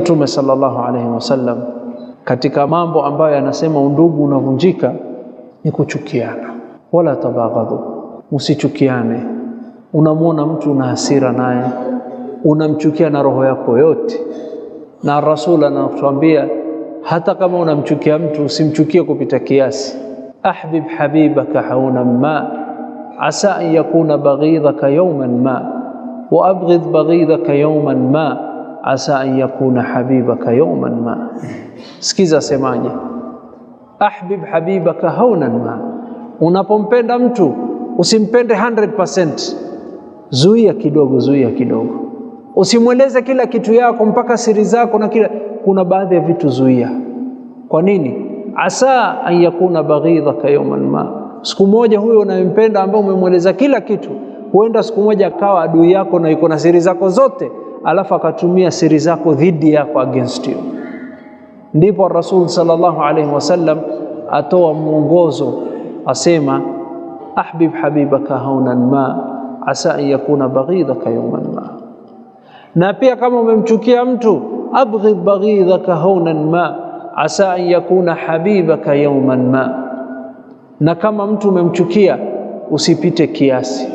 Mtume sallallahu alaihi wasallam katika mambo ambayo anasema undugu unavunjika ni kuchukiana. Wala tabaghadhu, usichukiane. Unamwona mtu una hasira naye, unamchukia na roho yako yote, na Rasul anatuambia hata kama unamchukia mtu usimchukie kupita kiasi. Ahbib habibaka hauna ma asa an yakuna baghidhaka yawman ma wa abghidh baghidhaka yawman ma asa an yakuna habibaka yawman ma. Sikiza semaje, ahbib habibaka haunan ma. Unapompenda mtu usimpende 100%, zuia kidogo, zuia kidogo, usimweleze kila kitu yako mpaka siri zako na kila, kuna baadhi ya vitu zuia. Kwa nini? asa an yakuna baghidhaka yawman ma, siku moja huyo unayempenda ambaye umemweleza kila kitu, huenda siku moja akawa adui yako na iko na siri zako zote alafu akatumia siri zako dhidi yako against you. Ndipo Rasul sallallahu alaihi wasallam atoa mwongozo asema, ahbib habibaka haunan ma asa an yakuna baghidhaka yawman ma. Na pia kama umemchukia mtu, abghid baghidhaka haunan ma asa an yakuna habibaka yawman ma. Na kama mtu umemchukia usipite kiasi.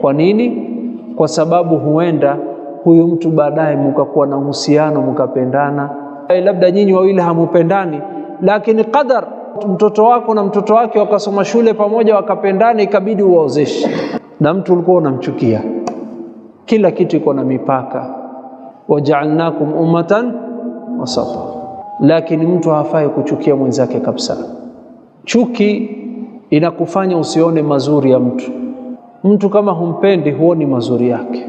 Kwa nini? Kwa sababu huenda huyu mtu baadaye mukakuwa na uhusiano mukapendana. Labda nyinyi wawili hamupendani, lakini qadar mtoto wako na mtoto wake wakasoma shule pamoja, wakapendana, ikabidi uwaozeshe na mtu ulikuwa unamchukia. Kila kitu iko na mipaka. Wajaalnakum ummatan wasata, lakini mtu hafai kuchukia mwenzake kabisa. Chuki inakufanya usione mazuri ya mtu. Mtu kama humpendi, huoni mazuri yake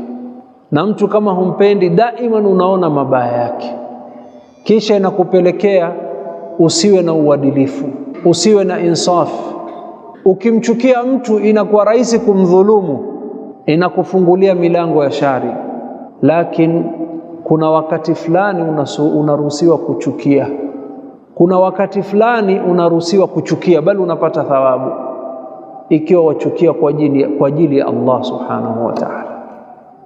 na mtu kama humpendi daima unaona mabaya yake, kisha inakupelekea usiwe na uadilifu, usiwe na insafu. Ukimchukia mtu inakuwa rahisi kumdhulumu, inakufungulia milango ya shari, lakini kuna wakati fulani unaruhusiwa kuchukia, kuna wakati fulani unaruhusiwa kuchukia, bali unapata thawabu ikiwa wachukia kwa ajili ya Allah subhanahu wa ta'ala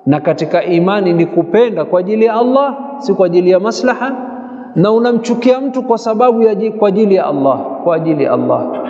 na katika imani ni kupenda kwa ajili ya Allah, si kwa ajili ya maslaha, na unamchukia mtu kwa sababu ya kwa ajili ya Allah, kwa ajili ya Allah.